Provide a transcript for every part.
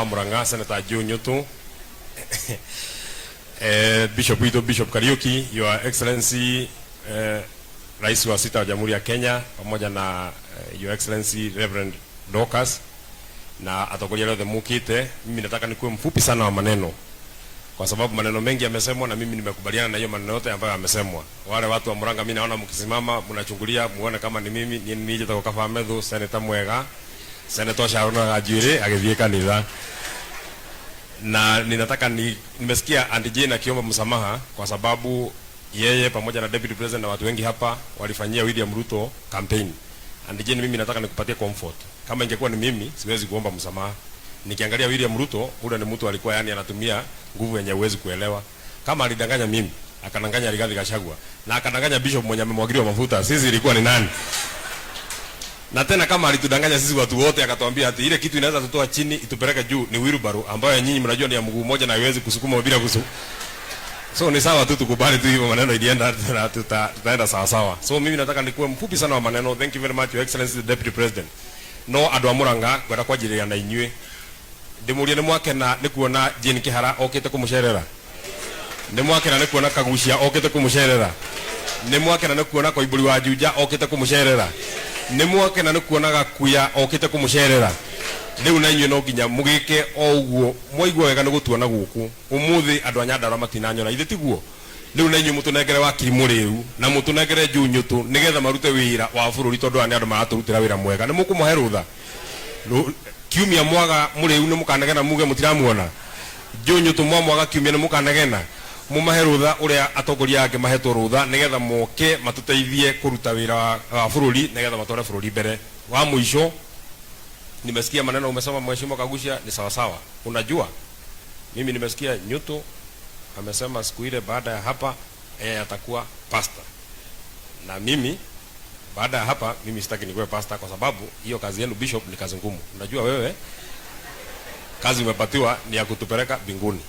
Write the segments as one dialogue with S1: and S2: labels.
S1: wa Murang'a Senator Joe Nyoto, eh, Bishop Wito, Bishop Kariuki, Your Excellency eh, Rais wa sita wa Jamhuri ya Kenya pamoja na eh, Your Excellency Reverend Dorcas na atakolia leo mukite. Mimi nataka nikuwe mfupi sana wa maneno kwa sababu maneno mengi yamesemwa na mimi nimekubaliana na hiyo maneno yote ambayo yamesemwa. Wale watu wa Murang'a, mimi naona mkisimama mnachungulia muone kama ni mimi ni nije takokafa medhu Senator Mwega Seneta Sharon Ajire agithiĩ kanitha na ninataka ni, nimesikia Andy Jane akiomba msamaha kwa sababu yeye pamoja na Deputy President na watu wengi hapa walifanyia William Ruto campaign. Andy Jane, mimi nataka nikupatie comfort. Kama ingekuwa ni mimi siwezi kuomba msamaha. Nikiangalia William Ruto, huyo ni mtu alikuwa yani anatumia nguvu yenye uwezi kuelewa. Kama alidanganya mimi, akadanganya Rigathi Gachagua na akadanganya Bishop mwenye amemwagiliwa mafuta, sisi ilikuwa ni nani? Na tena kama alitudanganya sisi watu wote akatuambia ati ile kitu inaweza kutoa chini itupeleke juu ni wheelbarrow ambayo nyinyi mnajua ni ya mguu mmoja na haiwezi kusukuma bila kusu. So ni sawa tu tukubali tu hivyo maneno ilienda na tuta, tutaenda sawa sawa. So mimi nataka nikuwe mfupi sana wa maneno. Thank you very much your excellency the deputy president. No adwa muranga gwada kwa jiri ya na inyuä ndä må rie nä mwakena nä kuona jane kä hara okä te kå må cerera nä mwakena nä kuona kagucia okä te kå må cerera nä mwakena nä kuona wa njunja okä te kå nä mwoke na nä kuonaga kuya okä te kå må cerera rä u na inyuä no nginya må gä ke o guo mwaigua wega nä gå tuona gå å må thä andå a nyandarua matinanyona ithä tiguo rä u na inyuä må tå nengere wakiri må rä u na må tå nengere njå tå nä getha marute wä ra wa bå rå ri tondå aya nä andå maratå rutä ra wä ra mwega nä må kå mahe rå tha kiumia mwaga må rä u nä må kanegena muge må tiramuona njå nyå tå mwamwaga kiumia nä må kanegena mumahe rutha uria atongoria ange mahetwo rutha nigetha moke matuteithie kuruta wira wa bururi nigetha matware bururi mbere wa mwisho nimesikia maneno umesema mheshimiwa Kagucia ni sawa sawa unajua mimi nimesikia Nyuto amesema siku ile baada ya hapa yeye eh, atakuwa pastor na mimi baada ya hapa mimi sitaki nikuwe pastor kwa sababu hiyo kazi yenu bishop ni kazi ngumu unajua wewe kazi umepatiwa ni ya kutupeleka binguni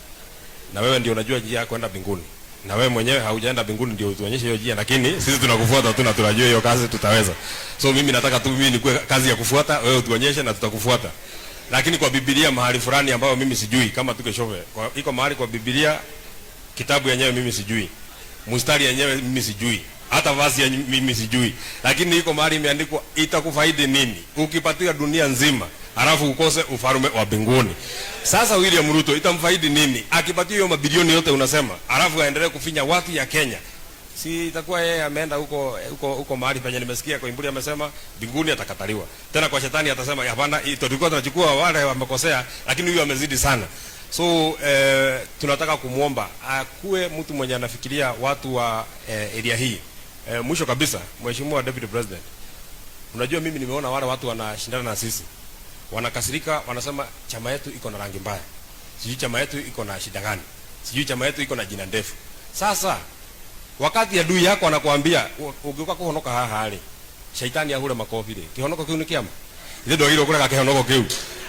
S1: na wewe ndio unajua njia ya kwenda mbinguni, na wewe mwenyewe haujaenda mbinguni, ndio utuonyeshe hiyo njia, lakini sisi tunakufuata tu na tunajua hiyo kazi tutaweza. So mimi nataka tu mimi nikuwe kazi ya kufuata wewe, utuonyeshe na tutakufuata. Lakini kwa Biblia mahali fulani ambayo mimi sijui kama tukeshove kwa, iko mahali kwa Biblia kitabu yenyewe mimi sijui, mstari yenyewe mimi sijui hata vazi ya mimi sijui, lakini iko mahali imeandikwa itakufaidi nini ukipatia dunia nzima halafu ukose ufalme wa mbinguni. Sasa William Ruto itamfaidi nini akipatia hiyo mabilioni yote unasema, halafu aendelee kufinya watu ya Kenya? Si itakuwa yeye ameenda huko huko huko mahali penye nimesikia kwa Imburi amesema mbinguni atakataliwa. Tena kwa shetani atasema hapana, tulikuwa tunachukua wale wamekosea, lakini huyu amezidi sana. So eh, tunataka kumwomba akuwe mtu mwenye anafikiria watu wa eh, area hii. Eh, mwisho kabisa, Mheshimiwa Deputy President, unajua mimi nimeona wale watu wanashindana na sisi wanakasirika, wanasema chama yetu iko na rangi mbaya, sijui chama yetu iko na shida gani, sijui chama yetu iko na jina ndefu. Sasa wakati adui yako anakuambia ugiuka kuhonoka haha ri shaitani ahure makofi ri kihonoko kiu ni kiama ithe ile kũrega kihonoko kiu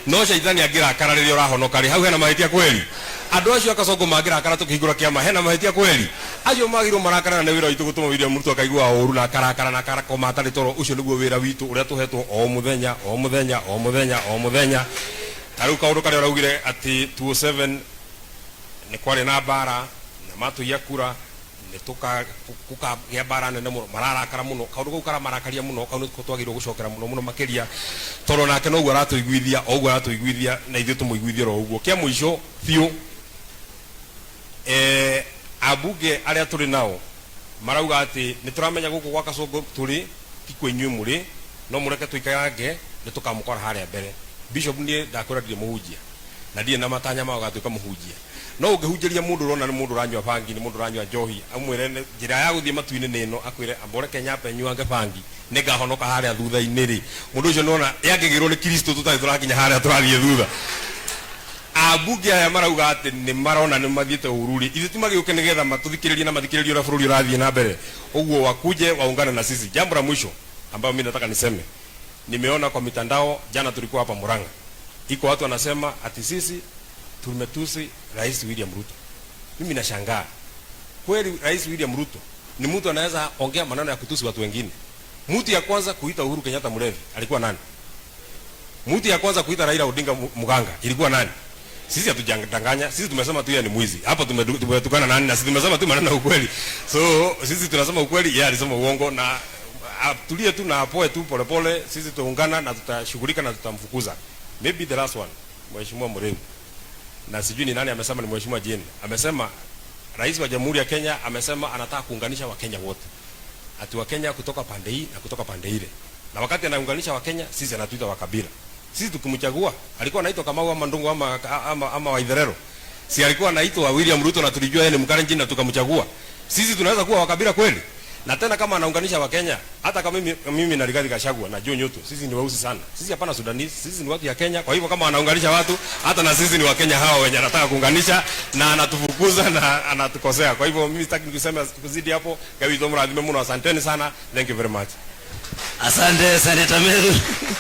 S1: no shaitani angĩrakara rĩrĩa ũrahonoka ri hau hena mahitia kweli andũ acio akacongo akara tũkĩhingũra kĩama hena mahitia kweli acio magĩrĩirwo marakarana nĩ wĩra witũ gũtũma wĩra mũrutwo akaigua ũũru na akarakara na akarakoma atarĩ toro ũcio nĩguo wĩra witũ ũrĩa tũhetwo o mũthenya o mũthenya o mũthenya o mũthenya ta rĩu kaũndũ karĩa ũraugire atĩ 27 nĩ kwarĩ na mbara na matũiya kura gukagä mbara nene må no mararakara må no kaå ndå kau karamarakaria må no kau nä twagä gucokera må no må no makä ria tondå nake noguo aratå iguithia oguo aratå iguithia na ithuä tå må iguithie ro å guo kä a må ico biå abunge aria turi nao marauga ati nituramenya guku gwa Kasongo turi ti kwa inyuĩ mũrĩ no mũreke tũikarange nĩtũkamũkora harĩa mbere bishop niĩ ndakwĩra ndirĩ mũhunjia na ndirĩ na matanya ma gatuĩka mũhunjia no ũngĩhunjĩria mũndũ ũrona nĩ mũndũ ũranyua bangi nĩ mũndũ ũranyua njohi amwĩre njĩra ya gũthiĩ matu-inĩ nĩ ĩno akwĩre amboreke nyambe nyuange bangi nĩ ngahonoka harĩa thutha-inĩ rĩ mũndũ ũcio nĩona yangĩgĩrwo nĩ kristo tũtarĩ tũrakinya harĩa tũrathiĩ thutha ambunge aya marauga ati nä marona nä mathiäte å rurä ti tu magä å getha matå na mathikä rä rie å na mbere å wakuje waungana na sisi jambo la mwisho ambayo mimi nataka niseme nimeona kwa mitandao jana tulikuwa hapa muranga iko watu wanasema ati sisi tumetusi rais william ruto mimi nashangaa kweli rais william ruto ni mtu anaweza ongea maneno ya kutusi watu wengine mtu ya kwanza kuita uhuru kenyatta mlevi alikuwa nani mtu ya kwanza kuita raila odinga mganga ilikuwa nani sisi hatujadanganya, sisi tumesema tu yeye ni mwizi. Hapa tumetukana nani na sisi tumesema tu maneno ukweli. So sisi tunasema ukweli, yeye alisema uongo na atulie ah, tu na apoe tu polepole, sisi tuungana na tutashughulika na tutamfukuza. Maybe the last one, Mheshimiwa Muremu. Na sijui ni nani amesema ni Mheshimiwa Jen. Amesema Rais wa Jamhuri ya Kenya amesema anataka kuunganisha Wakenya wote. Ati Wakenya kutoka pande hii na kutoka pande ile. Na wakati anaunganisha Wakenya, sisi anatuita wakabila. Sisi tukimchagua alikuwa anaitwa Kamau ama Ndungu ama ama, ama Waitherero. Si alikuwa anaitwa William Ruto na tulijua yeye ni Mkalenjin na tukamchagua. Sisi tunaweza kuwa wakabila kweli? Na tena kama anaunganisha wa Kenya, hata kama mimi mimi na Rigathi Gachagua na John Nyoto, sisi ni weusi sana. Sisi hapana Sudanese, sisi ni watu ya Kenya. Kwa hivyo kama anaunganisha watu, hata na sisi ni wa Kenya hawa wenye anataka kuunganisha na anatufukuza na anatukosea. Kwa hivyo mimi sitaki kusema kuzidi hapo. Gavi Tomra, asanteni sana. Thank you very much. Asante, asante Tameru.